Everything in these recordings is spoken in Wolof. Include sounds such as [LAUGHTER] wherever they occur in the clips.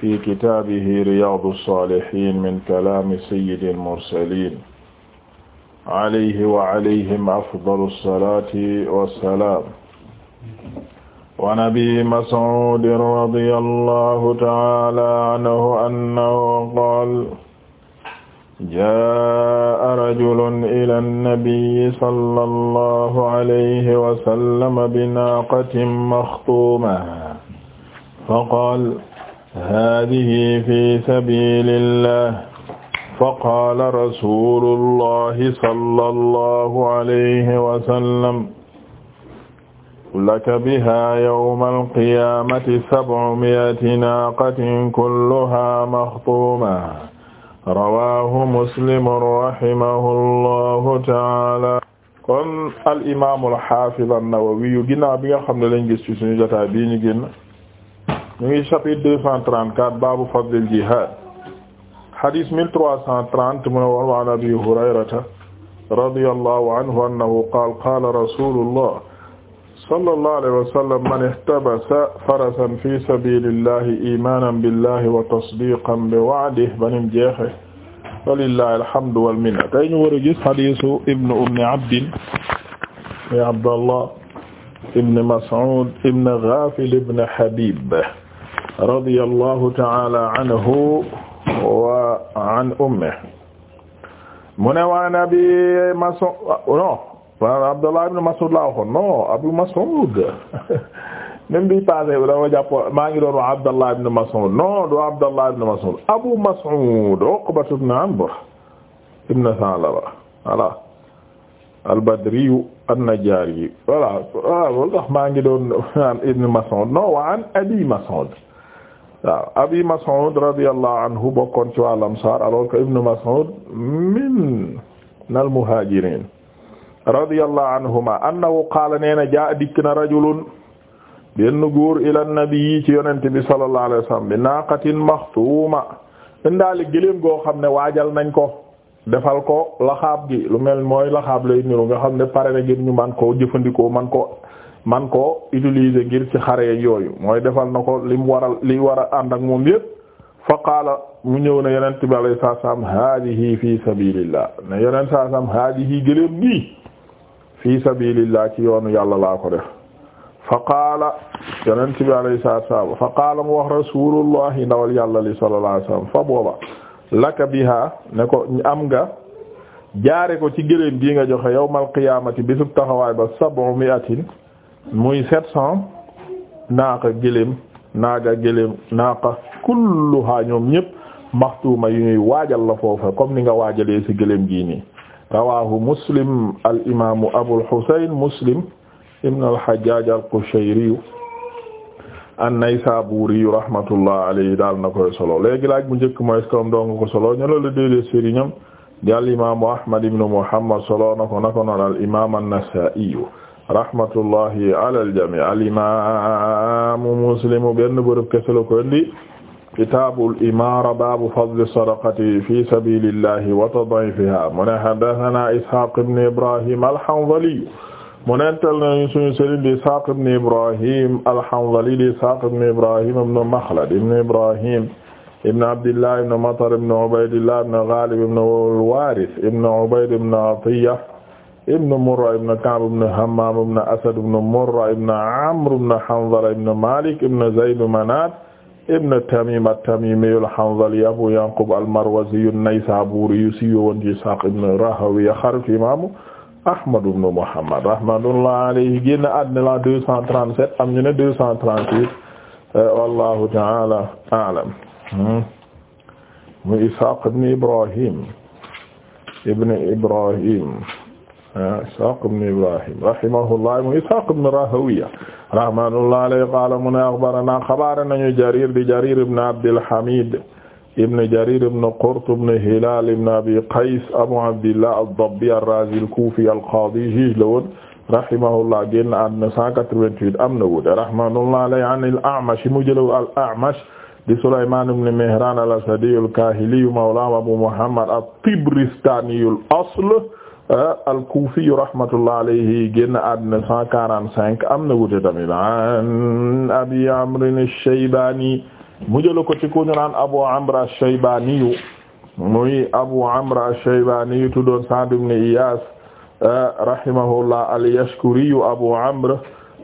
fi kitaabihi riyaadu saalihiin min kalaami sayyidil mursaliin alayhi wa alayhim afdalu salaati wa salaam. wa an abi mas'uud radiyallaahu ta'aalaa anhu annahu qaala jaa'a rajulun ilaa nabiyyi sallallaahu alayhi wa sallam binaaqatin maxtuumatin faqaala haadihi fi sabilillah faqaala rasulullahi sallallahu alayhi wa sallam laka biha yawmal qiyaamati sab'u mi'ati naaqatin kulluhaa maxtuuma rawaahu muslim rahimahullahu ta'aala kon al imaamul haafiz an-Nawawi ginnaaw bi nga xam ne lañ gis ci suñu jotaay bii ñu génn ñu ngi chapitre deux cent trente-quatre baabu fadlil jihaad hadis mille trois cent trente mu ne woon wa an abi hurayrata radiyallahu anhu annahu qaala qaala rasulullah sallallahu alayhi wa sallam man ihtabasa farasan fi sabilillahi imanan billahi wa tasdiqan bi wa'dihi banim jeexe walillahi alhamdu wal minna tey ñu war a gis hadisu ibnu ummi abdin ya abdallah ibn mas'ud ibn ghafil ibn habib radiyallahu ta'ala anhu wa an ummihi mu ne waan abi Mas'ud non Abdullah ibn Mas'ud laa waxoon non Abu Mas'ud même bi passé dama jàpp maa ngi doon wax Abdullah ibn Mas'ud non du Abdullah ibn Mas'ud Abu Mas'ud Uqba ibn Amr ibn Thalaba voilà al-Badri an-Najjari voilà waaw ah, loolu tax maa ngi doon naan ibn Mas'ud non wa an Abi Mas'ud waaw abi Mas'ud radiyallahu anhu bokkoon ci wàllam saar alors que ibnu Mas'ud min al muhajirin radiyallahu anhuma annahu qaala nee na jaa dikk na rajulun benn góor ila nabi ci yonent bi sallallahu alayhi wasallam bi naqatin maxtuuma indaale gëléem goo xam ne waajal nañ ko defal ko laxaab gi lu mel mooy laxaab lay niru nga xam ne pare na ngir ñu man koo jëfandikoo man ko man ko utiliser ngir ci xare yooyu mooy defal na ko lim waral li war a ànd ak moom yépp fa qaala mu ñëw ne yonent bi alayhi salaam haadihi fi sabilillah ne yonent salaam haadihi gëléem gi fi sabilillah ci yoonu yàlla laa ko def fa qaala yonent bi alayhi salaam fa qaala mu wax rasulullahi ndawal yàlla li sallallahu alayhi wasallam fa booba laka biha ne ko am nga jaare ko ci gëléem gi nga joxe yawmal qiyaamati bisub taxawaay ba sab'u mi'atin muy sept cent naaqa gëléem naaga gëléem naaqa ñoom ñëpp maxtuuma yu ñuy waajal la foofa comme ni nga waajalee ci gëléem gii nii rawahu muslim al imaamu abul husayn muslim ibn al hajjaj al qushayri an-Naysaburi rahmatullah alayhi daal na koy solo léegi laaj bu njëkk mooy stom doonga solo ño la déedee sëriñam di al Ahmad ibn Muhammad solo na ko na ko noon al imam an-Nasa'i rahmatullahi ala al-jamii al-imaamu Muslim benn bërëb kese la ko indi kitaabul imaara baabu fadli sadaqati fi sabiilillahi wa tad'iifihaa mu ne haddasanaa Ishaaq ibn Ibraahiim al-Hanzali mu nettal nañu sunu sëriñ di Ishaaq ibn Ibraahiim al-Hanzali di Ishaaq ibn Ibraahiim ibn Makhlad ibn Ibraahiim ibn Abdillah ibn Matar ibn Ubaydillah ibn Ghalib ibn al-Waarith ibn Ubayd ibn Atiyya ibn Murra ibn Ka'b ibn Hammam ibn Asad ibn Murra ibn Amr ibn Hanzala ibn Malik ibn Zayd Manat ibn Tamim at-Tamimi al-Hanzali Abu Yaqub al-Marwazi an-Naysaburi siiwoon ci Ishaq ibn Rahawiya xarit imaamu Ahmad ibn Muhammad rahmatullahi alayhi génn àddina la 237 am ñu ne 238 euh, wallahu ta'ala a'lam hmm. mu Ishaq ibn Ibrahim ibn Ibrahim Ishaaq ibn Ibraahiim rahimahullah mu Ishaaq ibn Raahawayh rahmatullahi alayhi qaala mu ne axbaranaa xabaar nañu Jariir di Jariir ibn Abdil Hamiid ibn Jariir ibn Qurt ibn Hilaal ibn Abii Qays Abuu Abdillah ad-Dabbi ar-Raazi al-Kuufi al-Qaadi juge la woon rahimahullah génn àdduna 188 am na wuute rahmatullahi alayhi an al-A'mash mu jëlaw al-A'mash di Sulaymaan ibn Mihraan al-Asadi al-Kaahili mawlaa Abuu Muhammad at-Tabaristani al-asl Ah, al-Kufi rahmatullah alayhi génn àdduna cent quarante cinq am na wute tamit an Abi Amr ash-Shaybani mu jël ko ci ku ñu naan Abu Amr ash-Shaybani muy Abu Amr ash-Shaybani tuddoon Sa'd ibn Iyas ah, rahimahullah al-Yashkuri Abu Amr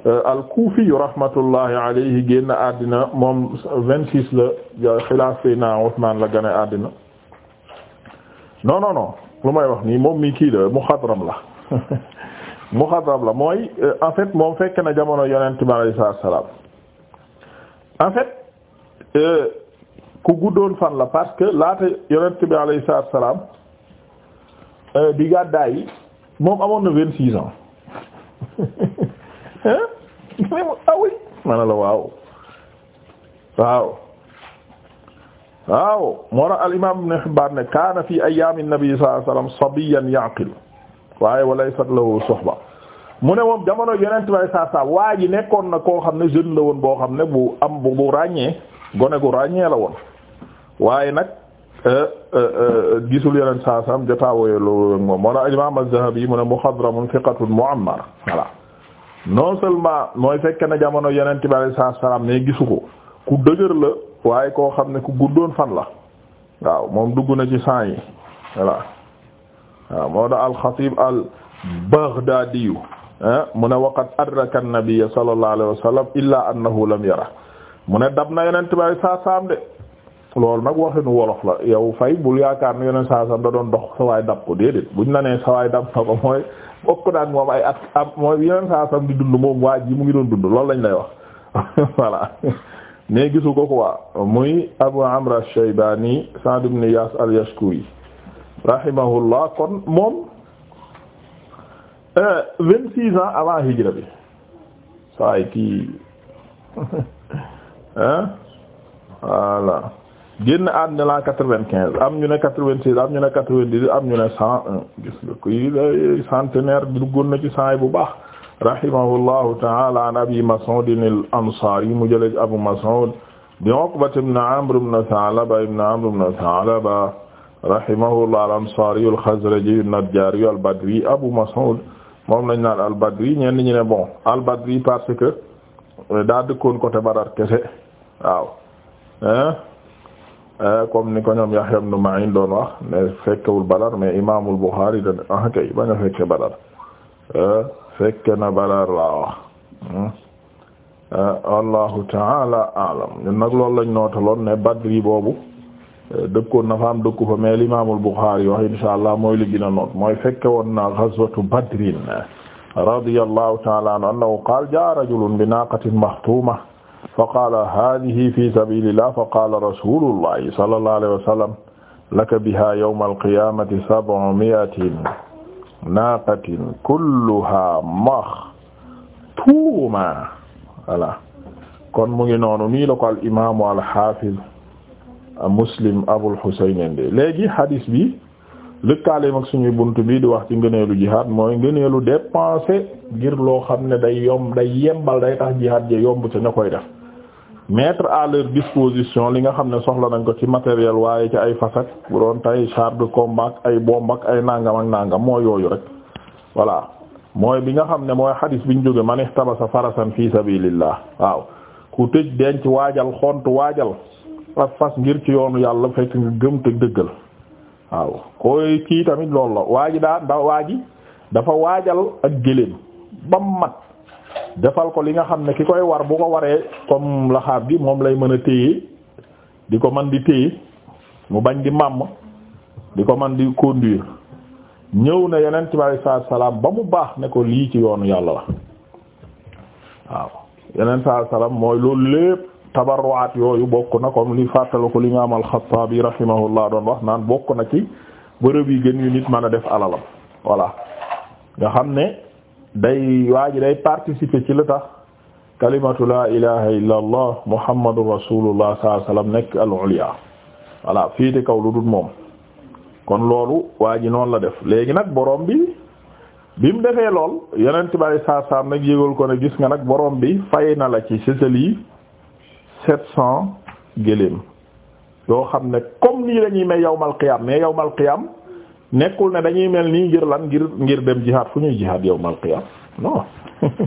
ah, al-Kufi rahmatullahi alayhi génn àddina moom vingt-six la xilaaf Seydina Usmaan la gën a àddina non non non lu may wax nii moom mi kii la muxadram la [LAUGHS] muxadram la mooy en fait moom fekk na jamono yonent bi alayhi salaam en fait euh, ku guddoon fan la parce que laata yonent bi alayhi salaam euh, di gàddaay yi moom amoon na vingt six ans [LAUGHS] [LAUGHS] ah oui ma ne la waaw waaw. waaw moo tax al imaam Ibn Hibbaan ne kaana fi ayyaami nabi sallallahu alayhi wasallam sabiyyan ya'qilu waaye wa laysat lahu mu ne moom jamono yonent bay saa saa waa ji nekkoon na koo xam ne jeune la woon boo xam ne bu am bu ràññee gone gu ràññee la woon waaye nag euh, euh, euh, gisul yonent saa saam jotaawoo loolu moom moo tax imaam Az-Zahabi mu ne muxadramun thiqatun mu'ammar voilà non seulement mooy fekk na jamono yonent bay saa saa mais gisu ko ku dëgër la. waaye koo xam ne ku guddoon fan la waaw moom dugg na ci sant yi waaw moo da al-Xatiib al-Baghdaadi ah, mu ne waqad adraka an-nabiyya sallallahu alayhi wa sallam illaa mu ne dab na yonent bi saa de loolu nag waxinu wolof la yow fay bul yaakaar ni yonent saa saam da doon dox sawaay dab ko déedéet buñ la nee sawaay dab na ko mooy bokk naag moom ay at am mooy yonent saa di dund moom waa ji mu ngi doon dund loolu lañ lay wax [LAUGHS] voilà [LAUGHS] ne gisu ko quoi muy Abu Amr ash-Shaybani Sa'd ibn Iyas al rahimahullah kon moom euh, vingt six ans avant hijra bi saay kii [LAUGHS] hein voilà génn àddina la quatre-vingt-quinze am ñu ne quatre-vingt-six am ñu ne quatre am ñu ne cent un gis nga kii euh, centenaire duggoon na ci bu baax rahimahullahu ta'ala an abi Mas'ud al-Ansari mu jëlee Abu Mas'ud di Uqbata ibn Amr ibn Tha'laba ibn Amr ibn Tha'laba rahimahullah al-Ansari al-Khazraji an-Najjari al-Badri Abu Mas'ud moom lañ naan al-Badri ñenn ñi ne bon al-Badri parce que daa dëkkoon côté Badar kese waaw euh, comme ni ko ñoom Yahya ibn Ma'in doon wax ne fekkewul Badar mais Imaamul Bukhari da ah kay bañ a fekke Badar fekk na balaar laa wax wallahu hmm? eh, taala alam ñun nag loolu lañ nootaloon ne badri boobu eh, dëkkoon na fa am dëkku fa mais imaamul Buxaari wax insha allah mooy li gën a noot mooy fekke woon na ghazwatu badrin radiyallahu taala anhu annahu qaala jaa rajulun bi naaqatin maxtuuma fa qaala haadihi fi sabilillah fa qaala rasulullahi sallallahu alayhi wa sallam laka biha yawma alqiyamati sab'u mi'atin naaqatin kulluha maxtuuma voilà kon mu ngi noonu nii la ko al imaamu al xaafiz muslim abul xuseyn léegi hadis bi lëkkaaleem ak suñuy bunt bi di wax ci ngëneelu jihaad mooy ngëneelu dépenser ngir loo xam ne day yomb day yembal day tax jihaad ja yomb ca ña koy def mettre à leur disposition li nga xam ne soxla nañ ko ci matériel waaye ci ay fasak bu doon tay char de combat ay bomb ak ay nangam ak nangam moo yooyu rek voilà mooy bi nga xam ne mooy xadis biñ jógee man ihtabasa farasan fi sabilillah waaw ku tëj denc waajal xont waajal ak fas ngir ci yoonu yàlla fekk nga gëm te dëggal waaw koy kii tamit loolu la waa ji daa da waa dafa waajal ak gëléem ba mat defal ko li nga xam ne ki koy war bu ko waree comme laxaab gi moom lay mën a téye di ko man di téye mu bañ di màmm di ko man di conduire ñëw na yeneen ci alayhi salaam ba mu baax ne ko lii ci yoonu yàlla la waaw yeneen saa salaam mooy loolu lépp tabarruwaat yooyu bokk na comme li fàttala ko li imaam al-Xattaabi rahimahullah doon wax naan bokk na ci bërëb yi gën yu nit mën a def alalam voilà nga xam ne day waa ji day participer ci la tax kalimatu la ilaha illa allah muhammadu rasulullah sallallahu alayhi nekk al ulya voilà fiite kaw lu dul moom kon loolu waa ji noonu la def léegi nag boroom bi bi mu defee lool yeneen bari saa saa nag ko ne gis nga nag boroom bi fay na la ci sësal yi sept cent gëléem yoo xam ne comme nii la ñuy may yawmal qiyam mais yawmal qiyam nekkul ne dañuy mel nii ngir lan ngir ngir dem jihaad fu ñuy jihaad yow mal qiyam non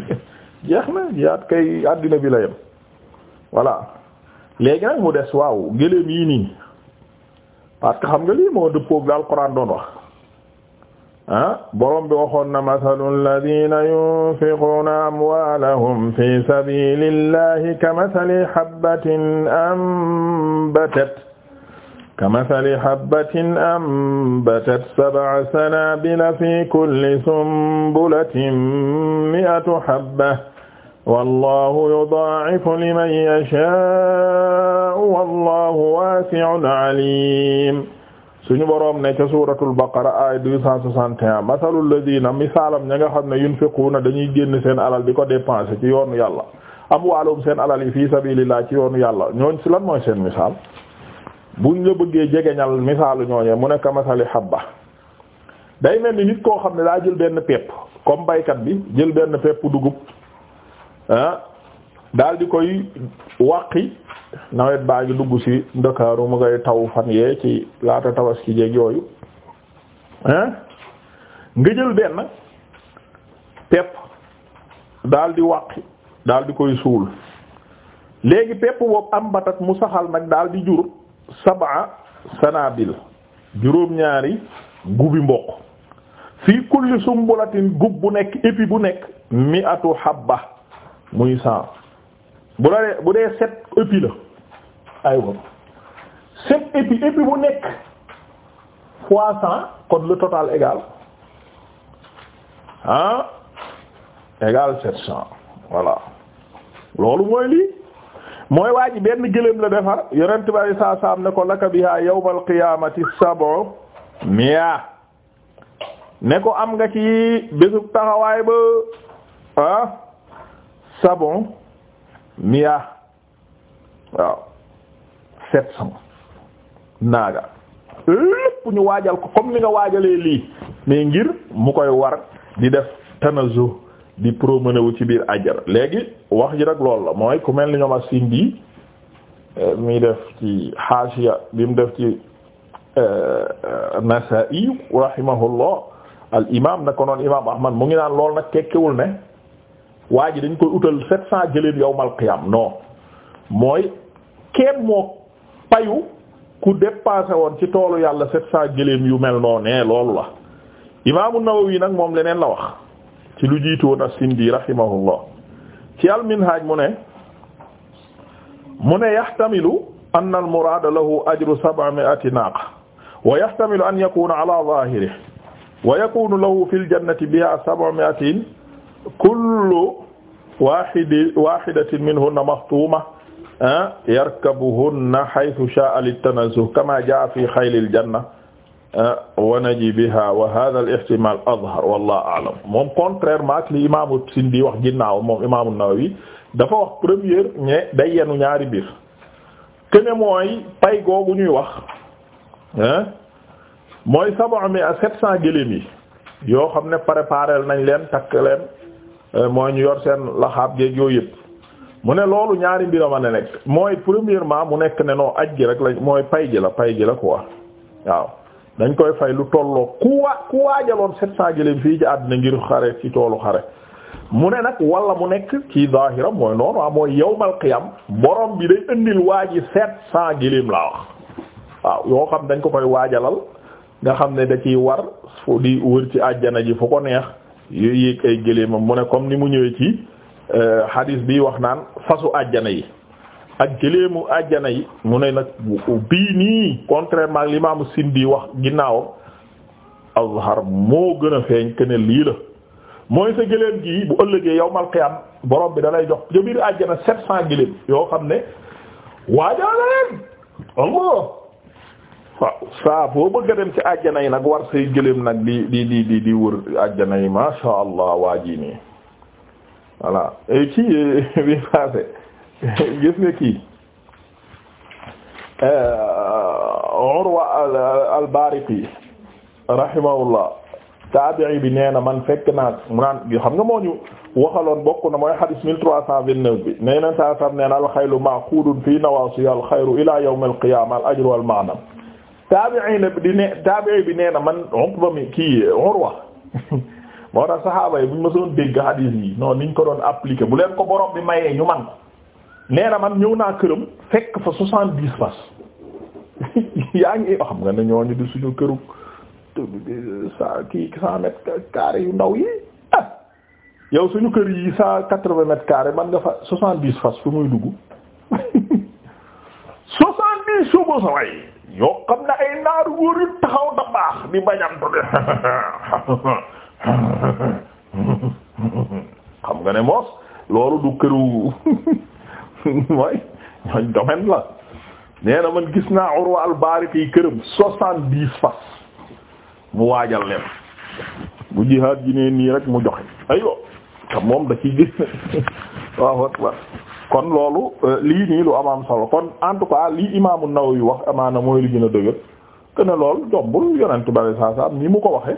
[LAUGHS] jeex na jihaad kay àddina bi la yem léegi nag mu des waaw gëléem yii nii parce xam nga lii moo dëppook daal Alxuraan doon wax ah borom bi waxoon na masalul ladina yunfiquna amwalahum fi sabilillahi kamathali habatin ambatat kamathali habbatin ambatat sab'a sanabila fi kulli sumbulatin mi'atu habba wallahu yudaa'ifu liman yashaa'u wallahu waasi'un aliim suñu boroom ne ca suuratul baqara aaya 261 masalul ladina misaalam ña nga xam ne yunfiquuna dañuy génn seen alal di ko dépenser ci yoonu yàlla amwaalum seen alal yi fi sabilillah ci yoonu yàlla ñooñ ci lan mooy seen misaal bu la bëggee jegeñal misaalu ñooñee mu nekk masali habba day mel ni nit koo xam ne daa jël benn pepp comme baykat bi jël benn pepp dugub ah daal di koy wàqi nawet baa ngi dugg ci ndakaaru mu ngay taw fan yee ci laata tabaski jeeg yooyu ah nga jël benn pepp daal di wàqi koy suul léegi pepp boobu am batat mu saxal nag daal di jur sab'a sanabil juróom-ñaari gubi mboq fi kulli sumbulatin gub bu nekk épi bu nekk mi'atu habba muy cent bu la bu dee sept épi la aywa sept épi épi bu nekk fois cent kon le total égal ah égal sept cent voilà loolu mooy lii mooy waa ji benn gëléem la defar yonent bi saa saam ne ko bi biha yawmal qiyaamati sab'u miya ne ko am nga ci bésu taxawaay ba ah sab'u miya waaw sept cent naaga lépp ñu waajal ko comme ni nga waajalee lii mais ngir mu koy war di def tanazu di promené wu ci biir àjjana léegi wax ji rek loolu la mooy ku mel ni ñoom as-Sindi eh, mi def ci haashiya bi mu def ci eh, eh, Nasaa'i rahimahullah al imaam na ko noon imaam Ahmad mu ngi naan lool nag tekkewul ne waa ji dañ koy utal sept cent yow yawmal qiyaam non mooy kenn moo payu ku dépassé woon ci toolu yàlla sept cent jëleen yu mel noo ne loolu la imaamu Nawawi nag moom leneen la wax ci lu jiitu woon as-Sindi rahimahullah ci al-Minhaj mu ne mu ne yahtamilu anna al-muraada lahu ajru sab'imi'ati naaqa wa yahtamilu an yakuna ala zaahirihi wa yakunu lahu fil jannati biha sab'imi'atin kullu waahidi waahidatin minhunna maxtuuma ah, yarkabuhunna haythu shaa'a lit-tanazzuh kama jaa'a fi khaylil janna Ah, wa naji biha wa hadha al ihtimal azhar a'lam moom contrairement ak li imaamu Sindi wax ginnaaw moom imaamu Nawawi dafa wax première ne day yenu ñaari biir kene mooy pay googu ñuy wax hein ah, mooy sab'u mi'a sept cent gëléem yi yoo xam ne préparé nañ leen takk leen eh, mooy ñu yor seen laxaab géeg yooyu yëpp mu ne loolu ñaari mbir ma ne nekk mooy premièrement mu nekk ne noo aj gi rek mooy pay gi la pay gi la quoi waaw dañ koy fay lu tolloo ku waa ku waajaloon sept cent fii ci àddina ngir xare ci toolu xare mu ne nag walla mu nekk ci zahiram mooy noonu waaw mooy yawmal qiyam borom bi day indil waa ji sept cent gëléem laa wax waaw yoo xam dañ ko koy waajalal nga xam ne da ciy war fu di wër ci àjjana ji fu ko neex yooyu yéeg ay gëléemam mu ne comme ni mu ñëwee ci euh, hadis bi wax naan fasu àjjana yi ak gëléemu àjjana yi mu ne nag bii nii contrairement ak l'imaamu Sindi wax ginnaaw azhar moo gën a feeñ que ne lii la mooy sa gëléem gii bu ëllëgee yawmal qiyaam borom bi dalay lay jox ca biir àjjana sept cent gëléem yoo xam ne waajaale leen Allah saa boo bëgg dem ci àjjana yi nag war say gëléem nag di di di di wër àjjana yi masha Allah waa ji nii voilà ci euh, [LAUGHS] bi passé [LAUGHS] gis nga kii euh, Urwa al-Bariqi rahimahullah taabi'i bi nee na man fekk naa mu naan xam nga moo ñu waxaloon bokk na mooy hadis mille trois cent vingt-neuf bi nee na saa sam nee na alxayru ma'quudun fii nawaasi alxayru ilaa yawm al-qiyaama al-ajru wal-ma'nam taabi'i na di ne taabi'i bi nee na man Uqba mi kii Urwa [LAUGHS] moo tax saxaaba yi bu ñu mësoon dégg hadis yi non niñ ko doon appliqué bu leen ko borom bi mayee nee na man ñëw naa këram fekk fa soixante-dix fas [LAUGHS] yaa ngi xam nga ne ñooñu di suñu këru cent mètres carrés yu ndaw yi ah! yow suñu kër yi cent quatre-vingts mètres carrés man nga fa soixante-dix fas fu muy dugg [LAUGHS] soixante-dix suba sa way yoo xam ne ay naaru góor yu taxaw da baax di bañantu de [LAUGHS] xam nga ne moos loolu du këru [LAUGHS] mooy ñooñ domaine la nee na man gis naa Urwa al-Bariqi këram soixante dix fas mu waajal leen bu jihaad ji ne nii rek mu joxe aywa te moom da ci gis waaw [LAUGHS] kon loolu euh, lii nii lu amaam solo kon en tout cas lii imaamu yu wax amaana mooy li gën a dëgër te ne lool jombul yonent bari saa saa ni mu ko waxee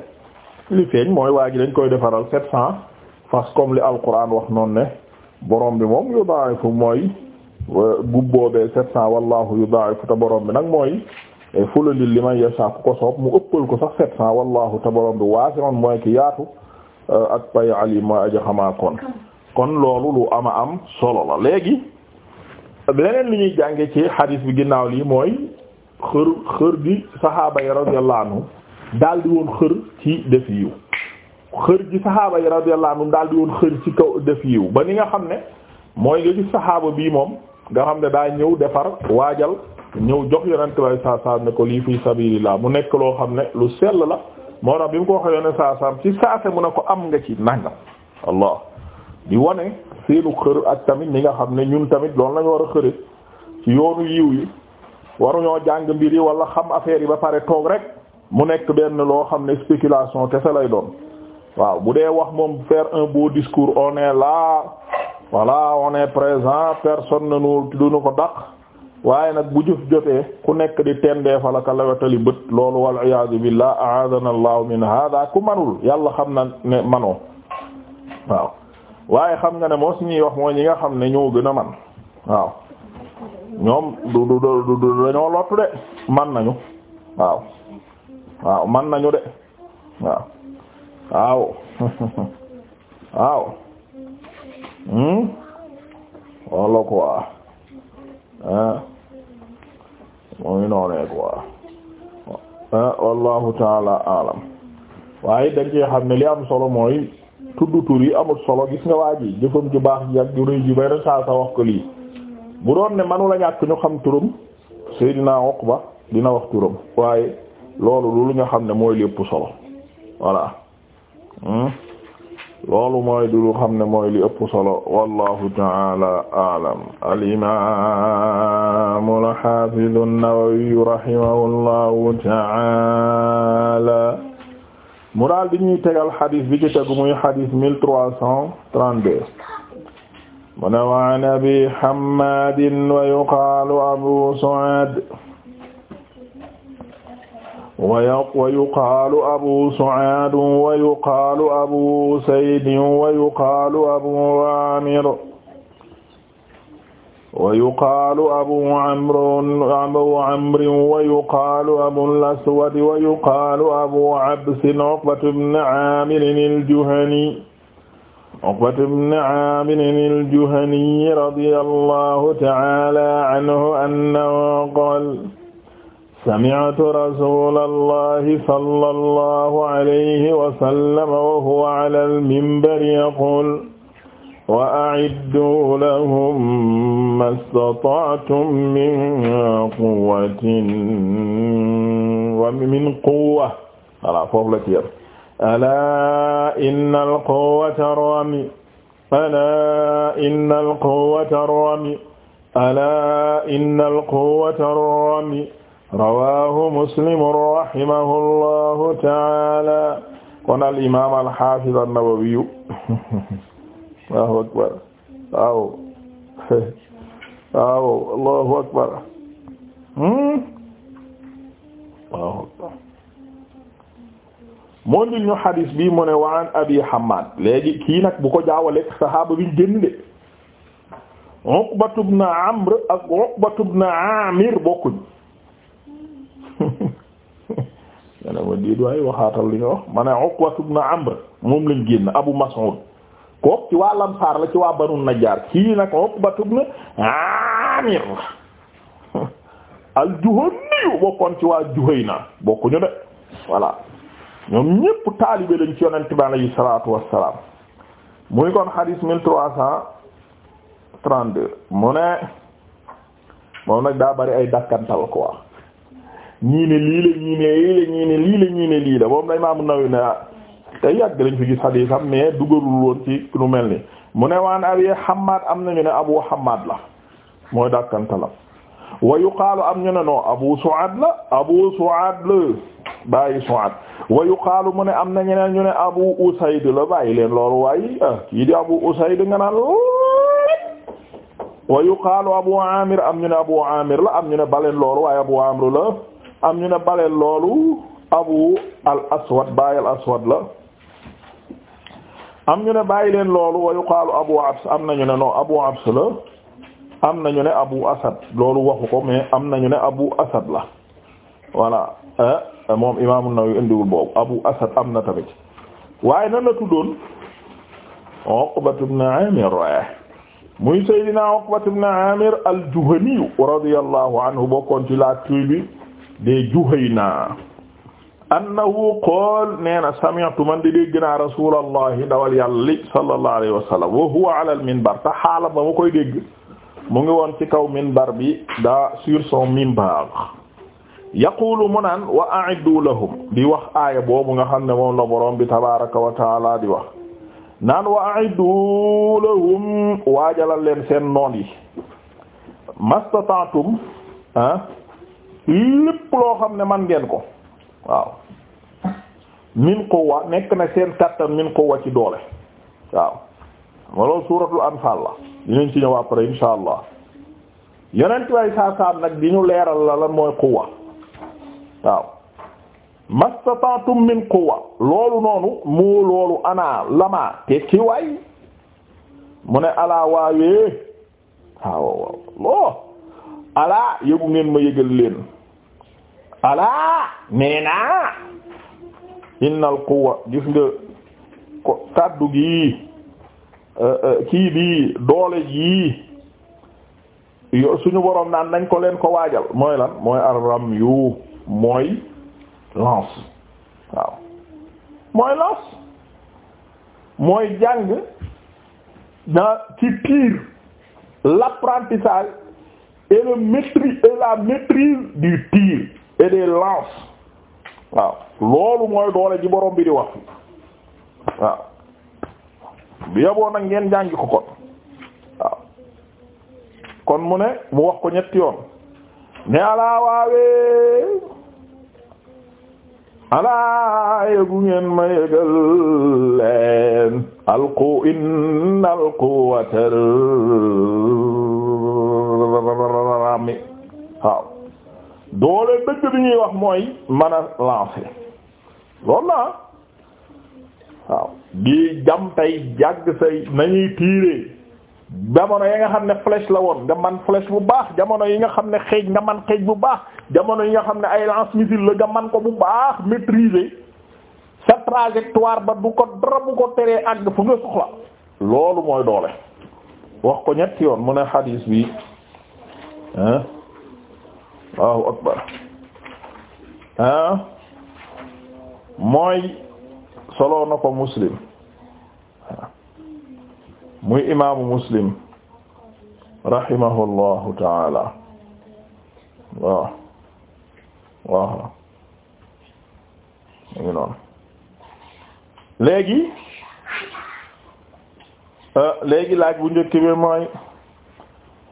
li feeñ mooy waa ji dañ koy defaral sept cent fas comme li alquran wax noonu ne borom bi moom yudaa'ifu mooy euh, bu boobee sept cent wallahu yudaa'ifu te borom bi nag mooy eh, li liman yasha ku ko soob mu ëppal ko sax sept cent wallahu te borom bi waasi'un mooy ki yaatu euh, ak pay ali mooy aja kon loolu lu ama am solo la léegi leneen li ñuy jànge ci xadiis bi ginnaaw lii mooy xër xër di saxaaba yi radiyallahu anhu daal di woon xër ci def yiw xër ji saxaaba yi radiyallahu moom daal di woon xër ci kaw def yiw ba ni nga xam ne mooy nga gis saxaaba bii moom nga xam ne daa ñëw defar waajal ñëw jox yonent way saa saam ne ko lii fi sabilillah mu nekk loo xam ne lu sell la moo tax bi mu ko waxee yonent saa saam ci saase mu ne ko am nga ci nangam allah di wane seenu xër ak tamit ni nga xam ne ñun tamit loolu lañu war a xëre ci yoonu yiw yi waruñoo jàng mbir yi wala xam affaire yi ba pare toog rek mu nekk benn loo xam ne spéculation kese lay doon waaw bu dee wax moom faire un beau discours on est là voilà on est présent personne ne nous duñu ko daq waaye nag bu jëf jotee ku nekk di tendee falaka lawetali bët loolu wal iyaadu billah aadana allahu min hada ku manul yàlla xam na ne manoo waaw waaye xam nga ne moo si ñuy wax mooy ñi nga xam ne ñoo gën a man waaw ñoom du du du du dañoo lottu de man nañu waaw waaw man nañu de waaw waaw waaw hmm? wala quoi eh? mooy noonee quoi eh, wallahu taala alam waaye dañ xam ne li am solo mooy tudd tur yi amul solo gis nga waa ji jëfam ju baax ji ak ju rëy ji bay na saa sa wax ko lii bu doon ne manula ñàkk ñu xam turam Seydina Uqba dina wax turam waaye loolu lu ñu xam ne mooy lépp solo voilà Hmm? loolu mooy du lu xam ne mooy li ëpp solo wallahu taala aalam alimamu alhafidu an-Nawawi rahimahullahu taala mu daal di ñuy tegal xadis bi ci tegu muy xadis mille trois cent trente-deux mu ne wa an abi Hammaad wa yuqaalu abu Su'aad wa yuqaalu abu Su'aad wa yuqaalu abu Usayd wa yuqaalu abu Aamir wa yuqaalu abu Amr abu Amr wa yuqaalu abu al-Aswad wa yuqaalu abu Abs Uqbatu ibn Aamir al-Juhani Uqbatu ibn Aamir al-Juhani radiyallahu ta'ala anhu annahu qaala sami'tu rasuulallahi sallallahu alayhi wa sallam wa huwa alal minbari yaquul wa a'iddu lahum mastata'tum min quwwatin wa min quwwa voilà foofu la ci yar alaa innal quwwata rami alaa innal quwwata rami alaa innal quwwata rami rawahu muslimun rahimahu llahu taala kon al imam alhafiz annawawiyu [LAUGHS] allahu akbar waaw [LAUGHS] waaw allahu akbar hmm? allahu akbar moo ndil ñu xadis bi mu ne wa an abi hamad léegi kii nag bu ko jaawale sahaaba biñ génn de uqbatu bna amr ak uqbatu bna amir bokkuñ ma ne ma déet waaye waxaatal li nga wax ma ne Uqwa ibn Amr moom lañ génn Abu Mas'ud kook ci waa Ansaar la ci waa Banu Najjaar kii nag Uqba ibn Amir al-Juhani bokkoon ci waa Juhayna bokkuñu de voilà ñoom ñépp taalibe lañ ci Yonent bi alayhi salaatu wassalaam muy kon xadiis mille trois cent trente-deux mu ne moom nag daa bari ay dakkantal quoi ñii lii la ñii lii la ñii lii la ñii ne lii la moom la ah, te yàgg lañ fi gis xadiis am mais dugalul woon ci lu mel ni mu ne waan Abi Hammaad am nañu ne Abu Hammaad la mooy dàkkanta la wayu yuqaalu am ñu ne non Abu Su'ad la Abu Su'ad la bàyyi Su'ad wa yuqaalu mu ne am na ñeneen ñu ne Abu Usayd la bàyyi leen loolu waaye ah kii di Abu Usayd nga naan wa yuqaalu Abu Amir am ñu ne Abu Amir la am ñu ne baleen loolu waaye Abu Amir la am ñu ne baleel loolu abu al aswad baay al aswad la am ñu ne bàyyi leen loolu wa yuqaalu abu abs am nañu ne non abu abs la am nañu ne abu asad loolu waxu ko mais am nañu ne abu asad la voilà moom imaamu Nawawi indiwul boobu abu asad am na tamit waaye nan la tuddoon Uqbatu ibn Amir muy Seydina Uqbatu ibn Amir al-Juhani radiyallahu anhu bokkoon ci la de Juhayna annahu qaal nee na sami'tu man di dégg naa rasulallahi dawal yàlla li sallallahu wa sallam wa minbar te xaala ba ma koy dégg mu ngi woon ci kaw minbar bi daa sur son minbar yaqulu mu naan wa a'iddu lahum di wax aaya boobu nga xam ne moom la borom bi tabaraka wa taala di wax naan wa a'iddu lahum waajalal leen seen noon yi mastata'tum ah lépp loo xam ne man ngeen ko waaw min quwwa nekk na seen kàttan min quwwa ci doole waaw waloolu suuratul anfaal la dinañ ci ñëw après insha allah yonent way saa saam nag di ñu leeral la lan mooy quwwa waaw mastata'tum min quwwa loolu noonu mu loolu ana lama te ki waay mu ne alaa waawee alaa yëgu ngeen ma yëgal leen alaa nee naa innal quwwa gis nga ko kaddu gi euh, euh, kii bi doole ji yo suñu boroom naan nañ ko leen ko waajal mooy lan mooy arram yu mooy lance waaw mooy lance mooy jàng dans ci pire l'apprentissage et le maîtrise et la maîtrise du tir et des lances waaw loolu mooy doole ji borom bi di wax waaw bi yoboo nag ngeen jàngi ko kon waaw kon mu ne mu wax ko ñetti yoon ne alaa waawee alaa yëgu ngeen ma yëgal leen alqu inna alquwatar rami doole dëgg bi ñuy wax mooy mën a lancer loolu la waaw di jam tey jàgg say nañuy tiire jamono yi nga xam ne flèche la woon nga man flèche bu baax jamono yi nga xam ne xeej nga man xeej bu baax jamono yi nga xam ne ay lance missile la nga man ko bu baax maîtriser sa trajectoire ba du ko dara bu ko teree àgg fu nga soxla loolu mooy doole wax ko ñetti yoon mu ne xadiis bi Allahu akbar ah mooy solo na ko muslim muy imaamu muslim rahimahullahu taala waaw waaw mu léegi ah, léegi laaj bu njëkk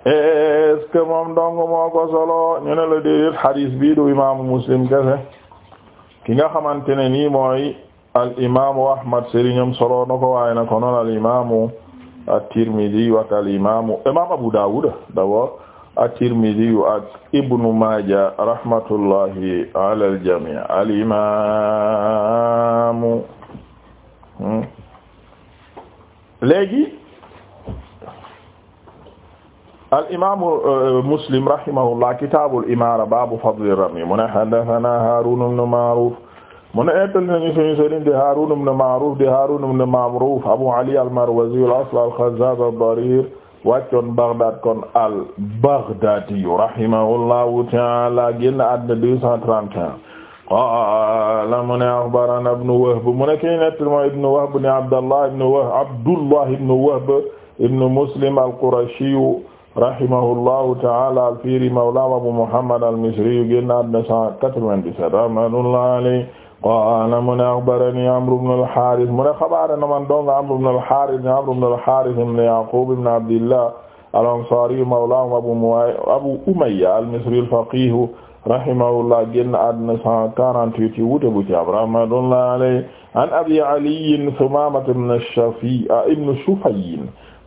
est-ce que moom moo ko solo ñu ne la déedéet xadiis bi du muslim kese ki nga xamante ne nii mooy al imaamu ahmad sëriñam solo na ko waaye na ko al imaamu at-Tirmidhi wa al imaamu imaam Abu Dawud d'abord at-Tirmidhi ak Ibnu Maaja rahmatullahi ala al-jamii al imaamu hmm? léegi al imaamu euh, muslim rahimahullah kitaabul imaara baabu fadli rami mu ne haddasanaa Haaruun ibn Ma'ruuf mu ne ettal nañu suñu sëriñ di Haaruun ibn Ma'ruuf di Haaruun ibn Ma'ruuf Abu Ali al-Marwazi al-asl al-Khazzaaz ad-Dariir wàccoon Baghdad kon al-Baghdaadi rahimahullahu ta'aala génn àddina 231 qaala mu ne axbaranaa ibnu Wahb mu ne kii nett mooy ibnu Wahb ni Abdallah ibnu Wahb Abdullah ibnu Wahb ibnu Muslim al-Qurashiyu rahimahullahu ta'ala al-Firi mawlaam Abu Muhammad al-Misri génn na 197 rahmatullahi alayhi qaala mu ne axbarani Amr ibn al-Haaris mu ne xabaar na man dong Amr ibn al-Haaris Amr ibn al-Haaris ibn Yaquub ibn Abdillah al-Ansaari mawlaam Abu Umayya al-Misri al-Faqih rahimahullah génn na 148 wuute bu ci am rahmatullahi alayhi an Abi Ali Sumaama ibn Shufayy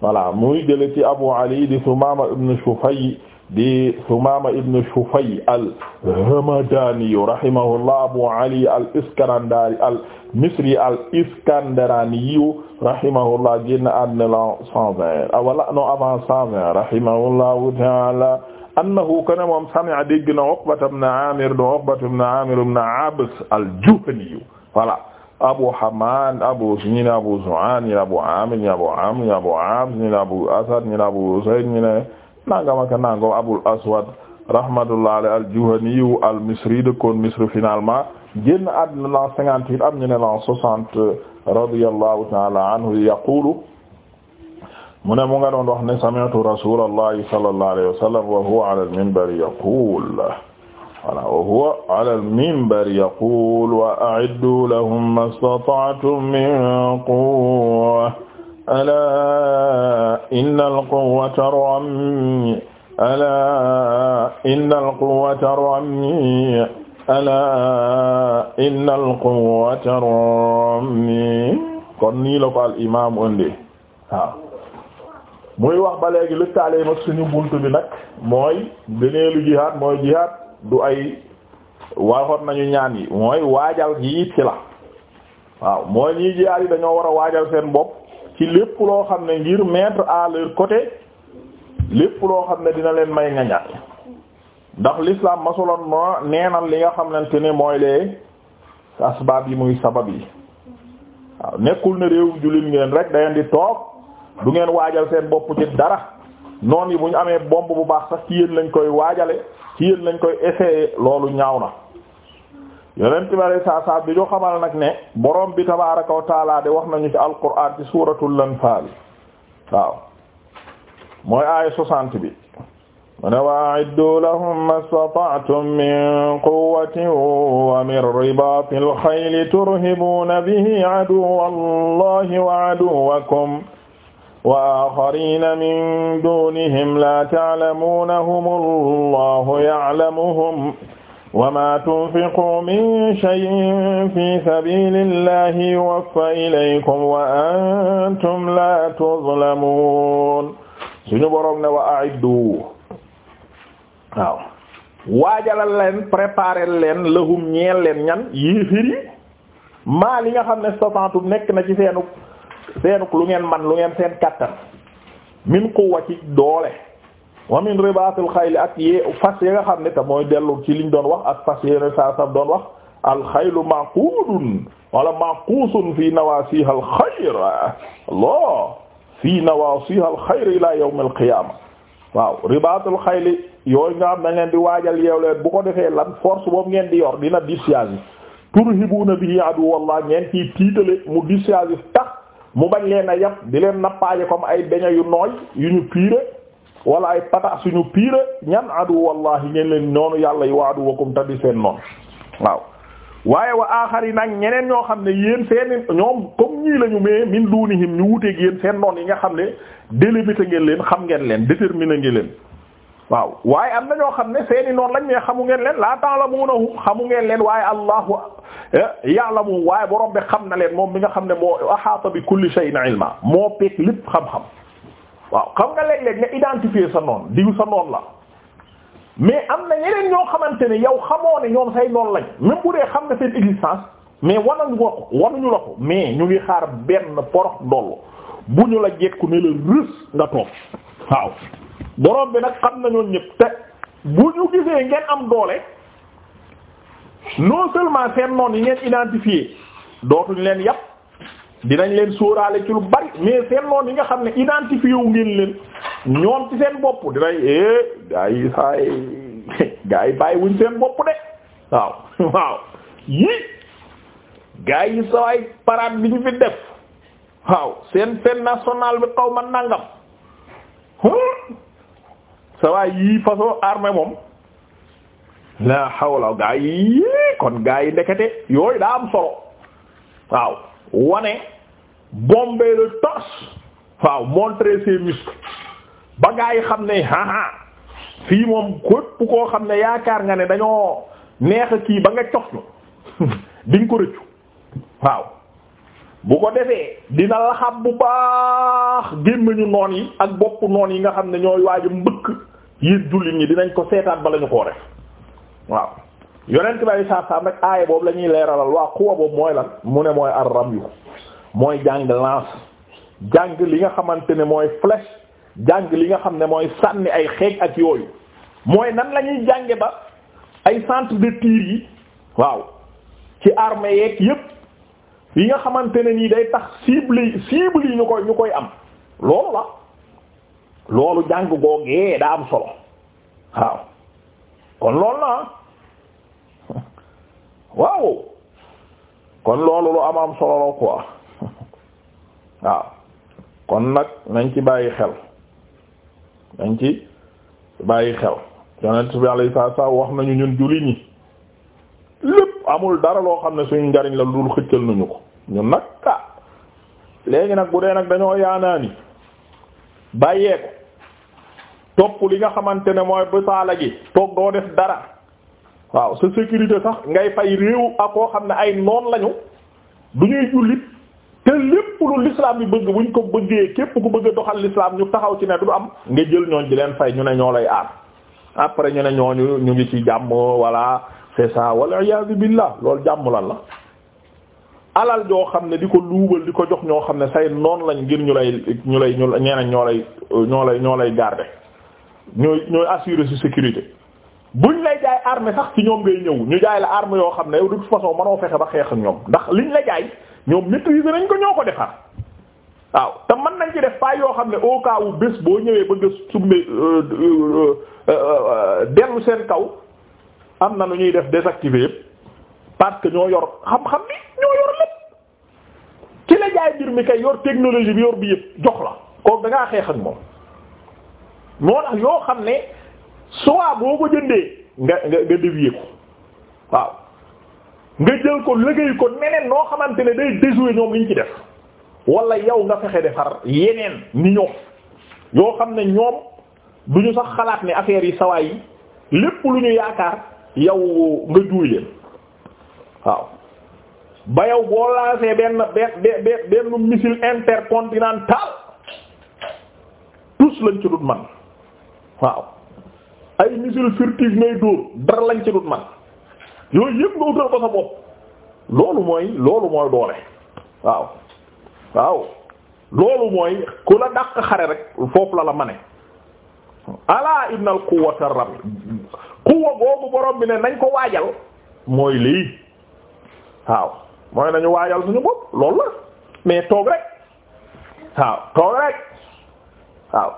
voilà muy jële ci Abu Ali di Sumaama ibn Shufay di Sumaama ibn Shufay al-Hamadani rahimahullah Abu Ali al-Iskandari al-Misri al-Iskandarani rahimahullah génn àddina la cent vingt wala ah, non avant cent vingt rahimahullahu ta'ala annahu kana moom sami'a dégg na Uqbata ibn Amir do Uqbata ibn Amir ibn Abs al-Juhani voilà Abu Haman Abu ñi ne Abu Zu'aan ñi ne Abu Aamir ñi ne Abu Amr ñi ne Abu Aamir ñi ne Abu Asad ñi ne Abu Usayd ñi ne nangam ak nangam Abul Aswad rahmatullah alayhi al-Juhani al-Misri dëkkoon Misr finalement génn àdduna l'an cinquante-huit am ñu ne l'an soixante radiyallahu ta'ala anhu yaqulu mu ne mu nga doon wax ne sami'tu rasulallahi sallallahu alayhi wa sallam wa huwa ala al-minbar yaqul voilà wa huwa ala al-minbar yaqul wa a'iddu lahum mastata'tum min quwwa ala inna al-quwwata ramyi ala inna al-quwwata ramyi ala inna al-quwwata ramyi kon nii la ko al imaam indi waaw muy wax ba léegi lu taalee nag suñu buntu bi nag mooy gëneelu jihaad mooy jihaad du ay waxoon nañu ñaan yi mooy waajal yi it ci la waaw mooy ñii jiyaar yi dañoo war a waajal seen bopp ci lépp loo xam ne ngir mettre à leur côté lépp loo xam ne dina leen may ngañat ndax l'islam masuloon ma neenal li nga xamante ne mooy lee asbaab yi muy sabab yi waaw nekkul ne réew jullit ngeen rek dayen di toog du ngeen waajal seen bopp ci dara noon yi bu ñu amee bomb bu baax sax ci yéen lañ koy waajale ci yéen lañ koy essayer loolu ñaaw na saa saa bi ñu xamal nag ne borom bi tabaaraka wa de wax nañu ci alquran ci suuratul anfaal waaw mooy aaya soixante bi mu ne wa a'iddu lahum mastata'tum min quwwatin wa min ribaatil khayli turhibuuna bihi aduwwallahi wa wa axarina min duunihim laa ta'lamuunahum Allahu ya'lamuhum wa maa tunfiquu min shay'in fii sabiilillaahi yuwaffa ilaykum wa antum laa tuzlamuun suñu boroom ne wa a'iddu waaw waajalal leen préparer leen lahum ñeel leen ñan yéefiri maa li nga xam ne istata'tum nekk na ci seenu seenuk lu ngeen man lu ngeen seen kattan min quwwa ci doole wa min ribaatil xayli ak yee fas ya nga xam ne te mooy dellu ci liñ doon wax ak fas yéene saa sam doon wax alxaylu maquudun wala maquusun fii nawaasiha alxayr Allah fii nawaasiha alxayr ila yawm alqiyaama waaw ribaatul xayli yooyu nga xam na leen di waajal yeew bu ko defee lan force boobu ngeen di yor dina dissuasif turhibuuna bihi aduwallah ngeen ciy tiitale mu dissuasif tax mu bañ leen a yàpp di leen nappaaje comme ay beña yu nooy yu ñu piire wala ay pata suñu piire ñan adu wallahi ngeen leen noonu yàlla yu wa adu wakum ta di seen noonu waaw waaye wa aaxari nag ñeneen ñoo xam ne yéen seen ñoom comme ñii lañu mais min duunihim ñu wuteeg yéen seen noon yi nga xam ne délimité ngeen leen xam ngeen leen déterminé ngeen leen waaw waaye am na ñoo xam ne seeni noonu lañ ne xamu ngeen leen laa ta'lamunahu xamu ngeen leen waaye allahu eh, ya'lamu waaye borom bi xam na leen moom bi nga xam ne moo ahata bi kulli shay'in ilma moo peeg lépp xam-xam waaw xam nga léeg-léeg nga identifier sa noon diw sa noon la mais am na yeneen ñoo xamante ne yow xamoo ne ñoom say noon lañ même bu dee xam nga seen existence mais wanañu ko wanuñu la ko mais ñu ngi xaar benn porox doll bu ñu la jekku ne la rës borom bi nag xam nañoo ñëpp te bu ñu gisee ngeen am doole non seulement seen noon yi ngeen identifié dootuñ leen yàpp dinañ leen sóoraale ci lu bari mais seen noon yi nga xam ne identifié wu ngeen leen ñoom ci seen bopp dinañ eh gaa yi saa yi [LAUGHS] gaa yi bàyyi wuñ seen bopp de waaw [LAUGHS] waaw yii gaa yi saa yi bi ñu fi def waaw seen fête nationale bi xaw ma nangam. sa yii façon armée moom la hawla gaa yi kon gaa yi ndekete yooyu daa am solo waaw wane bomber le torse waaw montrer ses ba gaa yi xam ne fii moom képp koo xam ne yaakaar nga ne dañoo neex a kii ba nga cox ñu [LAUGHS] di ko rëccu waaw bu ko defee dina laxab bu baax gémmiñu noon yi ak bopp noon yi nga xam ne ñooy waaju mbëkk yéen jullit ñi dinañ ko seetaan ba la ñu koo def waaw yonent bi ay saa saam rek aaya boobu la leeralal waa xuwa boobu mooy lan mu ne mooy ar-ramyu mooy jàng lance jàng li nga xamante ne mooy flèche jàng li nga xam ne mooy sànni ay xeej ak yooyu mooy nan lañuy jànge ba ay centre de tir yi waaw ci armée yeeg yépp yi nga xamante ne nii day tax cible cible yi ñu koy ñu koy am loolu la. loolu jàng googee daa am solo waaw kon loolu ah. [LAUGHS] kon loolu lu am am solo la quoi [LAUGHS] waaw kon nag nañ ci bàyyi xel nañ ci bàyyi xel yonent bi alayhi salaatu salaam wax nañu ñun jullit ñi lépp amul dara loo xam ne suñu njariñ la lu dul xëccal nañu ko ñun nag ah. léegi nag bu dee nag dañoo yaanaani bàyyee ko topp li nga xamante ne mooy ba bisaala gi toog doo def dara waaw sa sécurité sax ngay fay réew ak koo xam ne ay noon lañu du ñuy jullit te lépp lu l'islam bi bëgg buñ ko bëggee képp ku bëgg a doxal l'islam ñu taxaw ci ne du am nga jël ñooñ di leen fay ñu ne ñoo lay aar après ñu ne ñooñu ñu ngi ci jàmm walla c'est ça walla iyaazu billah loolu jàmm lan la alal joo xam ne di ko luubal di ko jox ñoo xam ne say noon lañ ngir ñu lay ñu lay ñu ñeneen ñoo lay ñoo lay ñoo lay garder ñooy ñooy assurer ci sécurité buñ lay jaay arme sax ci ñoom ngay ñëw ñu jaay la arme yoo xam ne yow de façon mënoo fexe ba xeex ak ñoom ndax liñ la jaay ñoom maîtriser nañ ko ñoo ko defar waaw te man nañ ci def pas yoo xam ne au cas où bés boo ñëwee bëgg a sumbe euh, euh, euh, dellu seen kaw am na lu ñuy def désactiver yëpp parce que ñoo yor xam-xam bi yor lépp ki la jaay mbir mi kay yor technologie bi yor bi yëpp jox la kooku da ngaa xeex ak moom moo tax yoo xam ne soit boo ko jëndee nga nga nga dévier ko waaw nga jël ko liggéey ko neneen noo xamante ne day déjouer ñoom liñ ci def wala yow nga fexe defar yeneen ni ñoom yoo xam ne ñoom ñu sax xalaat ne affaire yi sawaay yi lépp lu ñu yaakaar yow nga juuy leen waaw ba yow boo lancé benn benn benn missile intercontinental tous lañ ci dut man waaw ay missile furtif ngay dóor dara lañ ci dut man yooyu yëpp nga utal ko sa bopp loolu mooy loolu mooy doole waaw waaw loolu mooy ku la dàq xare rek foofu la la mane ne ala innal quwwata rami quwwa boobu borom bi ne nañ ko waajal mooy lii waaw mooy nañu waajal suñu bopp loolu la mais toog rek waaw toog rek waaw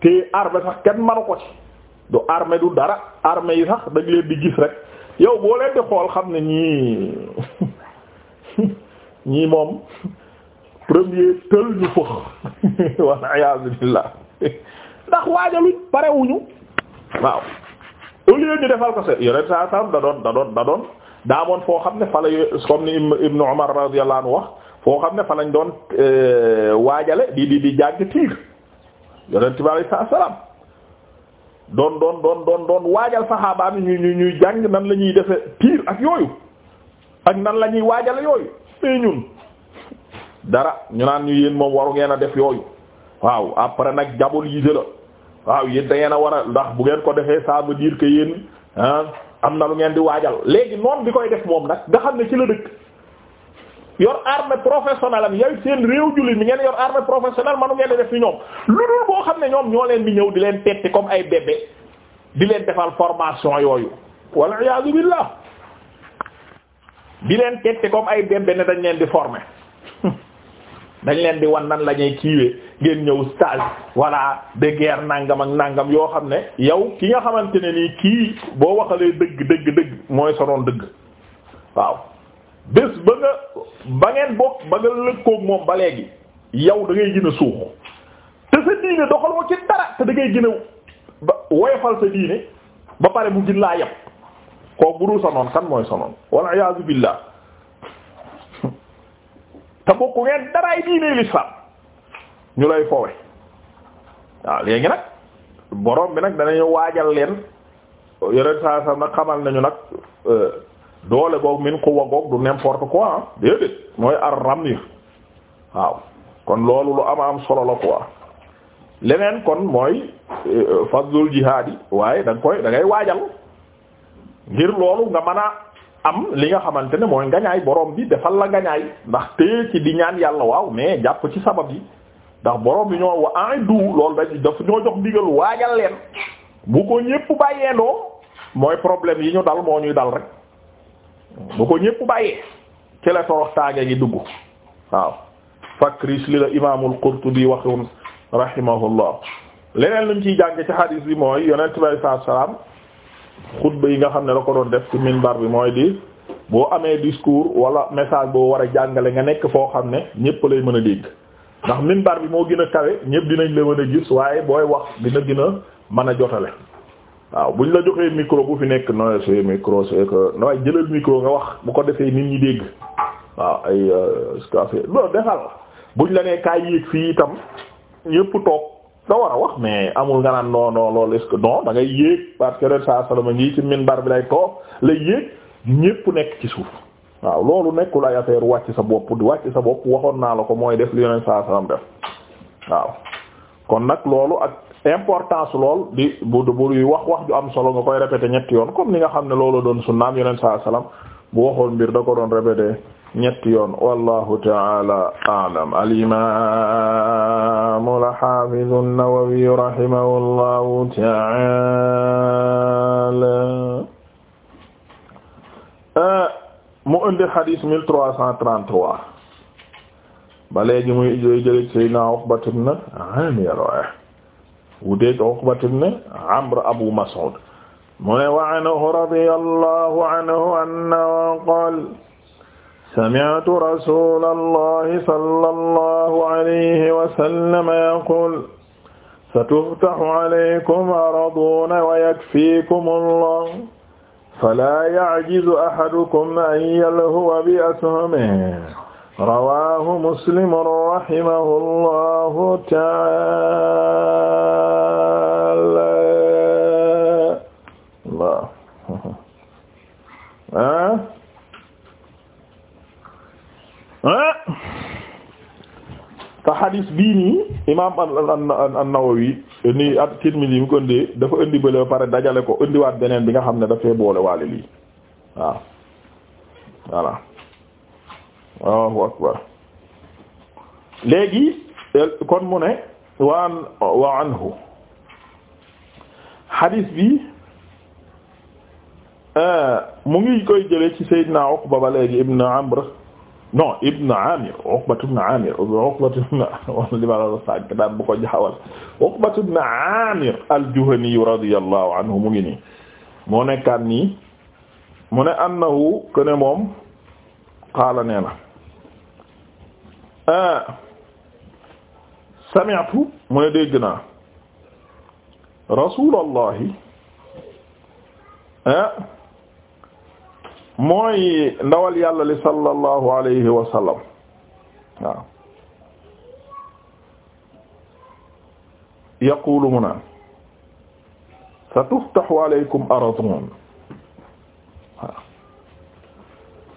te armée sax kenn manu ko ci du armée du dara arme yi sax dañ leen di gis rek yow boo leen di xool xam ne ñii [LAUGHS] ñii moom premier tël ñu fëx [LAUGHS] walla iyaazu billaah ndax waajaluñ parewuñu waaw au lieu ñu defal ko se yore saa sam da doon da doon da doon daa amoon foo xam ne fa la comme ni Ibnu Umar radiyallahu anhu wax foo xam ne fa lañ doon euh, waajale di di di jàng tiir yonent doon doon doon doon waajal saxaaba ñu ñu ñuy jàng nan la ñuy defe tiir ak yooyu ak nan la ñuy waajale yooyu mais ñun dara ñu naan ñu yéen moom waru ngeen a def yooyu waaw après nag jabol yise la waaw yéen da ngeen a war a ndax bu ngeen ko defee ça veut dire am na lu ngeen di waajal léegi noon bi koy def moom nag nga xam ne ci la dëkk yor armée professionnelle am yooyu seen réew jullit mi ngeen yor armée professionnelle manu ngeen di def ci ñoom lu dul boo xam ne ñoom ñoo leen di ñëw di leen tetti comme ay bébé di leen defal formation yooyu wal iyaazu billah di leen tetti comme ay bébé ne dañ leen di forme dañ leen di wan nan la ñuy kiiwee ngeen ñëw stage voilà de guerre nangam ak nangam yoo xam ne yow ki nga xamante ne nii kii boo waxalee dëgg dëgg dëgg mooy sonoon dëgg waaw bés ba nga ba ngeen bokk ba nga lëkkoog moom ba léegi yow da ngay gën a suux te sa diine doxaloo ci dara te da ngay ba woyofal sa diine ba pare mu gën laa yab kooku bu dul sonoon kan mooy sonoon wal iyaazu billah te bokku ngeen daraay diine l'islam ñu lay fowe waaw léegi nag borom bi nag danañu waajal leen yeneen saa saa nag xamal nañu nag euh, doole goog min xuwa goog du n'importe quoi déedéet mooy ar ramir waaw kon loolu lu ama am solo la quoi leneen kon mooy euh, fadlul jihaad yi waaye da nga koy da waajal ngir loolu nga mën am li nga xamante ne mooy ngañaay borom bi defal la ngañaay ndax tee ci di ñaan yàlla waaw mais jàpp ci sabab yi ndax borom bi ñoo wa a'iddu loolu dañ daf ñoo jox digal waajal leen bu ko ñëpp bàyyee ndoo mooy problème yi ñu dal moo ñuy dal rek bu ko ñëpp bàyyee ci la torox taage gi dugg waaw fakris li la imaamul Qurtubi waxoon rahimahullah leneen luñ ciy jàng ci hadis bi mooy yonent bi sallallahu alayhi xutba yi nga xam ne la ko doon def ci minbar bi mooy di boo amee discours wala message boo war a jàngale nga nekk foo xam ne ñépp lay mën a dégg ndax minbar bi moo gën a kawe ñépp dinañ la mën a gis waaye booy wax dina gën a mën a jotale waaw buñ la joxee micro bu fi nekk nooy c'est micro c'est que nooy jëlal micro nga wax bu ko defee nit ñi dégg waaw ay euh, ce que loolu defal buñ la nee kaay yéeg fii itam ñépp toog da war a wax mais amul nga naan non non loolu est-ce que non da ngay yéeg parce que ren saa salama ngi ci minbar bi lay toog la yéeg ñépp nekk ci suuf waaw loolu nekkul ay affaire wàcc sa bopp di wàcc sa bopp waxoon naa la ko mooy def li yoneen saa salam def waaw kon nag loolu ak importance lool di bu bu wax wax ju am solo nga koy répéter ñetti yoon comme ni nga xam ne loolu doon sunnaam yoneen saa salam bu waxoon mbir da ko doon répéter ñetti yoon wallahu ta'ala a'lam al-imam al-hafiz an-Nawawi rahimahullahu ta'ala eh, mu indi hadith 1333 ba léegi muy jëy jël Seydina Uqba ibn Amir eh. wuteeg Uqba ibn Amr Abu Mas'ud mu ne wa anhu radiyallahu anhu annahu qala sami'tu rasulallahi sallallahu alayhi wa sallam yaqul satuftahu alaykum ardun wa yakfikumullah fala ya'jizu ahadukum an yalhuwa bi ashamin rawahu muslim rahimahullahu ta'ala Ah. te xadis bii nii imaam an-Nawawi ni at-Tirmidhi mu ko indi dafa indi bële ba pare dajale ko indiwaat beneen bi nga xam ne dafay boole waale lii waaw léegi euh, kon mu ne waan wa anhu xadis bi euh, mu ngi koy jële ci Seydina Uqba ba léegi ibn Amr non Ibn Amir Uqbat ibn Amir Uqbat ibn [LAUGHS] li ma la sànq daan bu ko jaawal Uqbat ibn Amir al-Juhani radiyallahu anhu mu ngi nii moo nekkaat nii mu ne annahu que ne moom qaala nee na ah, sami'tu mu ne dégg naa rasulullahi ah, mooy ndawal yàlla li sallallahu alayhi wa sallam waaw yaqulu mu naan sa tuftahu alaykum aradun waaw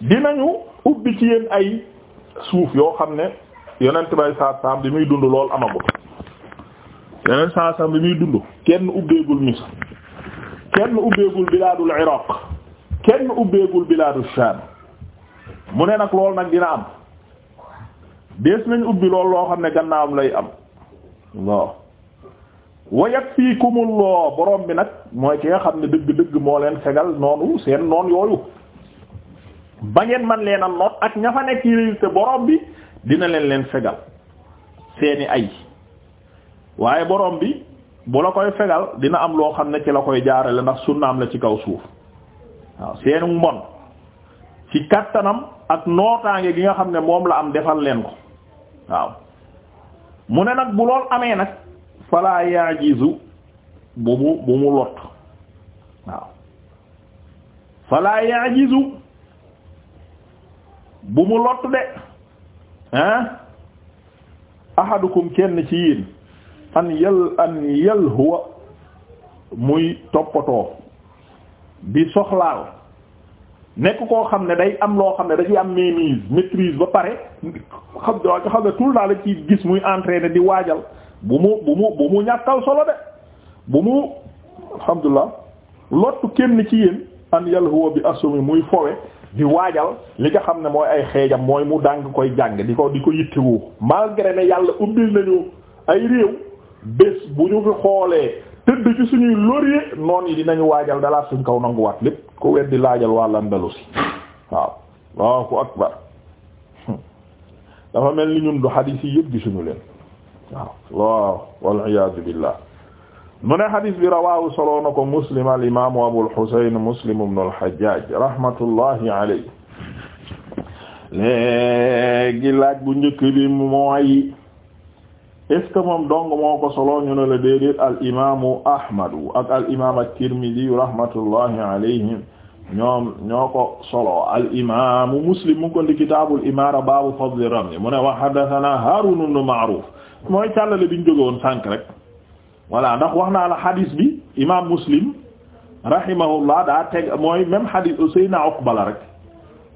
dinañu ubbi ci yéen ay suuf yoo xam ne yonent bay saa saam bi muy dund lool amagut yonent saa saam bi muy dund kenn ubbeegul Misr kenn ubbeegul bilaadul Iraq kenn ubbeegul bilaadu Shaam mu ne nag lool nag dina am dees nañ ubbi lool loo xam ne gannaawam lay am waaw wa loo boroom bi nag mooy ki nga xam ne dëgg-dëgg moo leen fegal noonu seen noon yooyu ba ngeen man leen a noot ak ña fa nekk yi te borom bi dina leen leen fegal seeni ay waaye borom bi bu la koy fegal dina am loo xam ne ci la koy jaarale ndax sunnaam la ci kaw suuf waaw seenu mbon ci kàttanam ak nootaange gi nga xam ne moom la am defal leen ko waaw mu ne nag bu lool amee nag fala yajizu bu mu bu mu lot waaw fala de ah ahadukum kenn ci yéen an yal an yal huwa muy toppatoo bi soxlaal nekk koo xam ne day am loo xam ne dafiy am mainmise maîtrise ba pare xam nga xam ne tout le temps la ci gis muy entraîner di waajal bu mu bu mu bu mu ñàkkal solo de bu mu alhamdulilah lottu kenn ci yéen an yalhuwa bi asumi muy fowe di waajal li nga xam ne mooy ay xeejam mooy mu dàng koy jàng di ko di ko yittewoo malgré ne yàlla ubbil nañu ay réew bés bu ñu fi xoolee tëdd ci suñuy laurier noon yi dinañu waajal dalaat suñ kaw nanguwaat lépp ku weddi laajal waa Andalusi waaw waaw ku akbar dafa mel ni ñun du xadiis yi yëpp gisuñu leen waaw waaw wal iyaadu billah mu xuseyn muslim ibnu al xajjaaj rahmatullahi alayhi léegi laaj bu njëkk bi mooy est ce que moom dong moo ko solo ñu ne la déedéet al Ahmadu ak al rahmatullahi alayhim ñoom solo al Muslim mu ngi ko ndi kitaabul imaara baabu fadli rami mu ne wa haddathana Haarun ibn Ma'ruf mooy càllale bi ñu jóge woon sànq rek voilà ndax wax na la hadis bi imaam Muslim rahimahullah daa teg mooy même hadis Seydina Uqba rek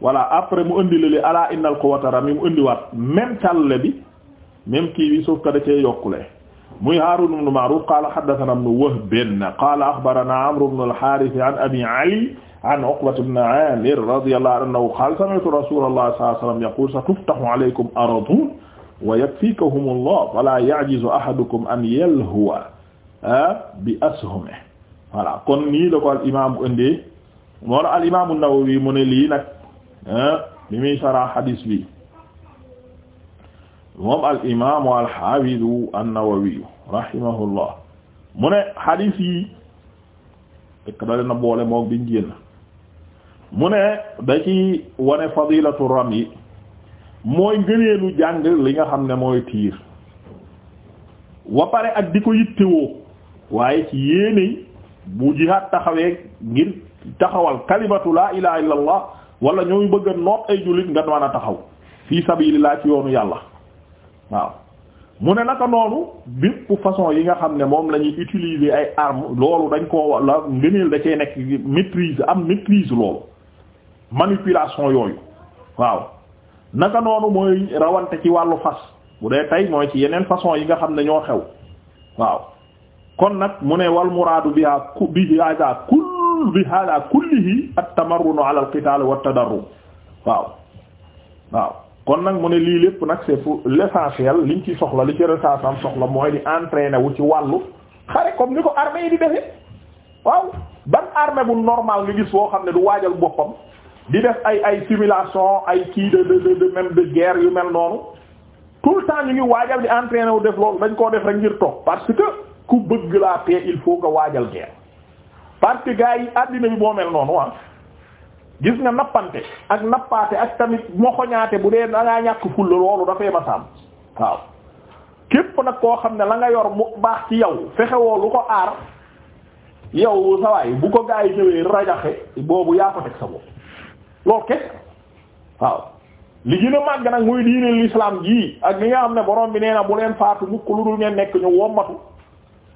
voilà après mu indi lale ala inna al quwwata rami mu indiwaat même càllale bi. même kii bi suuf ka da cee yokkule muy Haarun ibn Ma'ruuf qaala haddathanaa ibnu Wahb qaala akhbaranaa Amru ibnu al-Haarith an Abii Ali an Uqbata ibn Aamir radiyallaahu anhu qaala sami'tu rasuulallaahi sallallaahu alayhi wa sallam yaquulu satuftahu alaykum ardun wa yakfikahumullaah falaa ya'jizu ahadukum an yalhuwa bi ashumihi voilà kon nii la ko al imaam indee moo al imaam an-Nawawi mu ne lii nag bi muy sarah hadis bi moom al imaamu al xaafidu an-Nawawi rahimahullah mu ne xadiis yi fekk da moo a boole moom mu ne daci ci wane fadilatu ram yi mooy ngëneelu jàng li nga xam ne mooy tiir wa pare ak di ko yittewoo waaye ci yéene bu jihaad taxawee ngir taxawal kalimatu laa ilaha illa allah wala ñooy bëgg a noot ay jullit nga mën a taxaw fii sabilillah ci yoonu yàlla waaw mu ne naka noonu bépp façon yi nga xam ne moom lañuy ñuy utiliser ay armes loolu dañ koo la ngëneel da cee nekk maîtrise am maîtrise loolu manipulation yooyu waaw naka noonu mooy rawante ci wàllu fas bu dee tey mooy ci yeneen façon yi nga xam ne ñoo xew waaw kon nag mu ne wal muraadu bi hada kull bi hada kullihi at-tamarrun ala al-qital wa at-tadarrub waaw waaw kon nag mu ne lii lépp nag c'est pour l'essentiel liñ ci soxla li ci resaasam soxla mooy di entraîner wu ci wàllu xare comme ni ko armée yi di defee waaw ban armée bu normal nga gis boo xam ne du waajal boppam di def ay ay simulation ay kii de de de même de guerre yu mel noonu tout le temps ñu ngi waajal di entraîner wu def loolu dañ koo def rek ngir toog parce que ku bëgg la paix il faut nga waajal guerre parce que gars yi àddina bi boo mel noonu ah. gis nga nappante ak nappaate ak tamit moxoñaate bu dee da ngaa ñàkk fulla loolu dafay ma saam waaw képp nag koo xam ne la nga yor mu baax ci yow fexewoo lu ko aar yow sawaay bu ko gaa yi ñëwee rajaxe boobu yaa ko teg sa bopp loolu kese waaw li gën a màgg nag muy diine l'islam ji ak li nga xam ne borom bi nee na bu leen faatu mukk lu dul ngeen nekk ñu wommatu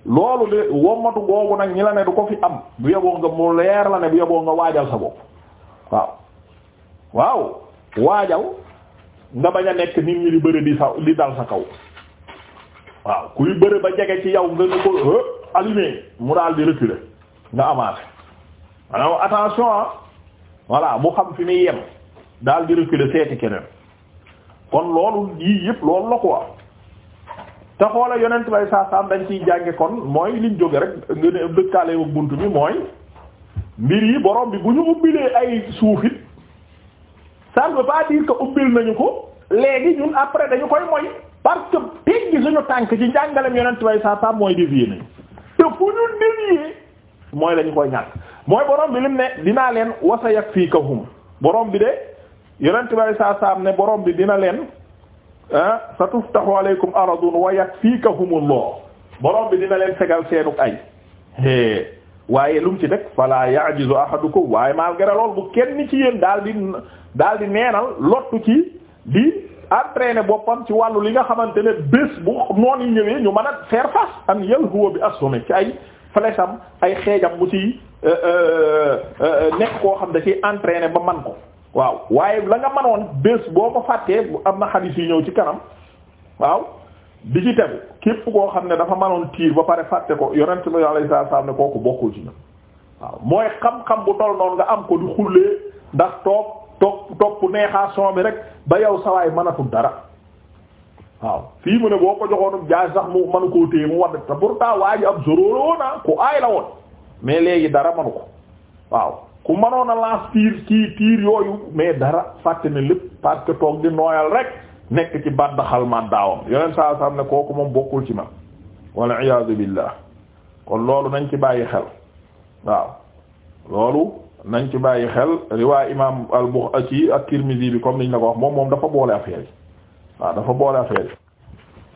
loolu de wommatu googu nag ñi la ne du ko fi am bu yeboo nga mu leer la ne bu yeboo nga waajal sa bopp waaw waaw waajaw nga bañ a nekk nit ñi di bëri di sa di dal sa kaw waaw kuy bëri ba jege ci yow nga ne ko allumé mu daal di reculer nga avancé maanaam attention ah voilà xam fi muy yem daal di reculer seeti keneen kon loolu yii yëpp loolu la quoi te xoola yonent bay saa dañ ciy jànge kon mooy liñ jóge rek nga ne dëkkaale bunt bi mooy mbir yi boroom bi bu ñu ubbilee ay suufit ça ne veut pas ubbil nañu ko léegi ñun après dañu koy moy parce que teg suñu tànk ci njàngalem yonent way sa sa mooy dévier nañu te fu ñu dévier mooy lañu koy ñàkk mooy borom bi lim ne dinaa leen wasa yakfikahum borom bi de yonent way sa sa ne boroom bi dina leen ah sa tuftahu alaykum aradun wa yakfikahumullah borom bi dina leen fegal seenuk ay waaye lu mu ci teg fala ya'jizu ko waaye malgré lool bu kenn ci yéen daal di daal di neenal lottu ci di entraîner boppam ci wàllu li nga xamante ne bés bu noon yi ñëwee ñu mën a faire am an yalhuwa bi asumi ci ay flèche ay xeejam mu ci euh, euh, euh, nekk koo xam da ciy entraîner ba man ko waaw waaye la nga manoon bés boo ko fàttee am na xadiis yi ñëw ci kanam waaw di ci tegu képp koo xam ne dafa manoon tiir ba pare fàtte ko yonent bi alayhi salaam ne kooku bokkul ci ñun waaw mooy xam-xam bu toll noonu nga am ko di xullee ndax toog topp topp neexation bi rek ba yow sawaay mënatul dara waaw fii mu ne boo ko joxoonum jaay sax mu manu koo téye mu wadd te pourtant waa ji ab ah, ku aay la woon mais léegi dara manu ko waaw ku mënoon a laas tiir kii tiir yooyu mais dara fàtte ne lépp parce que toog di nooyal rek nekk ci baddaxal man daawam yoneen saa saam ne kooku moom bokkul ci ma walla iyaazu billaah kon loolu nañ ci bàyyi xel waaw loolu nañ ci bàyyi xel riwaay imaam al-Bukhari ah, ci at-Tirmidhi bi comme niñ la ko wax moom moom dafa boole affaire waaw dafa boole affaire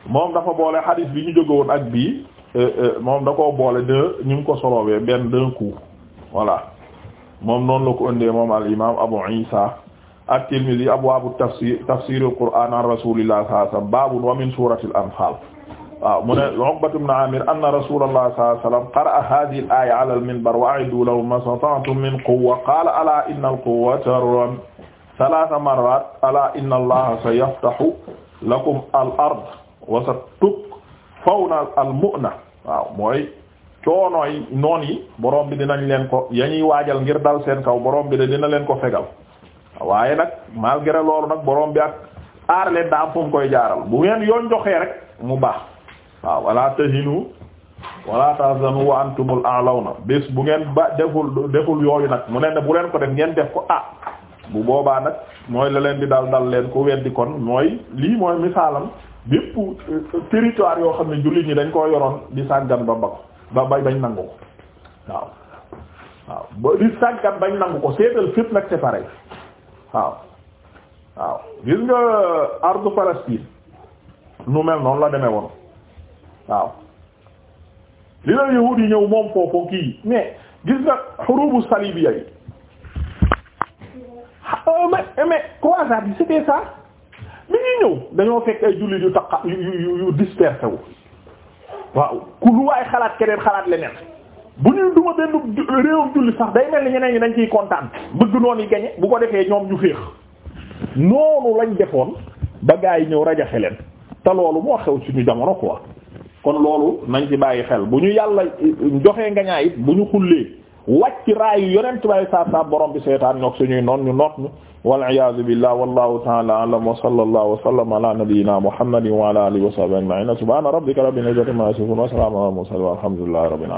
moom dafa boole xadiis bi ñu jóge ak bii eh, eh, moom da koo boole deux ñu ngi ko soloobee benn d'un coup moom noonu la ko ëndee moom al imaam Abu Isa at-Tirmidhi abwaabu tafsir tafsir al-Qur'aan an rasuulillah sallallahu alayhi wa sallam baabun wa min suuratil anfaal waaw mu ne Uqbatu ibn Aamir anna rasuulallah sallallahu alayhi wa sallam qara'a haadhihi al-aaya 'ala al-minbar wa a'iddu lahum ma istata'tum min quwwa qaala alaa inna al-quwwata ar-ramy thalaatha marraat alaa inna allaha sayaftahu lakum al-ard wa satukfawna al-mu'na waaw mooy coonooy noon yi borom bi dinañ leen ko yañuy waajal ngir dal seen kaw borom bi de dina leen ko fegal waaye nag malgré loolu nag borom bi ak aar leen daa am fu koy jaaral bu ngeen yoon joxee rek mu baax waaw wala tahinu wala tahzanu wa antumul na bés bu ngeen ba deful deful yooyu nag mu ne bu leen ko def ngeen def ko ah bu boobaa nag mooy la leen di dal dal leen ku weddi kon mooy lii mooy misaalam bépp euh, territoire yoo xam ne jullit ñi dañ koo yoroon di sàggan ba bako ba bay bañ nangu ko waaw waaw ba di sàggan bañ nangu ko seetal fépp nag c'est waaw waaw gis nga ardu Palestine nu mel noonu la demee woon waaw li la yahuud yi ñëw moom foofu kii mais gis nga xurubu salibiya yi euh, mais eh, mais croisade c'était ça bi ñuy ñëw dañoo fekk ay jullit yu taqa yu yu yu dispersé wu waaw ku lu waay xalaat keneen xalaat leneen bu ñuy duma benn réewum julli sax day mel ni ñeneen ñi dañ ciy kontaan bëgg noonu yi gañe bu ko defee ñoom ñu féex noonu lañ defoon ba gaa yi ñëw rajaxe leen te loolu moo xew suñu jamono quoi kon loolu nañ ci bàyyi xel bu ñu yàlla eh, joxee ngañaa it bu ñu xullee wàcc raayu yonent bàyyi saa saa borom bi seetaan ñoog suñuy noon ñu noot ñu wal iyaazu billah wallahu ta'ala a'lam wa sallallahu wa sallama ala nabiyyina muhammadin wa ala alihi wa sahbihi ajma'in al mursalin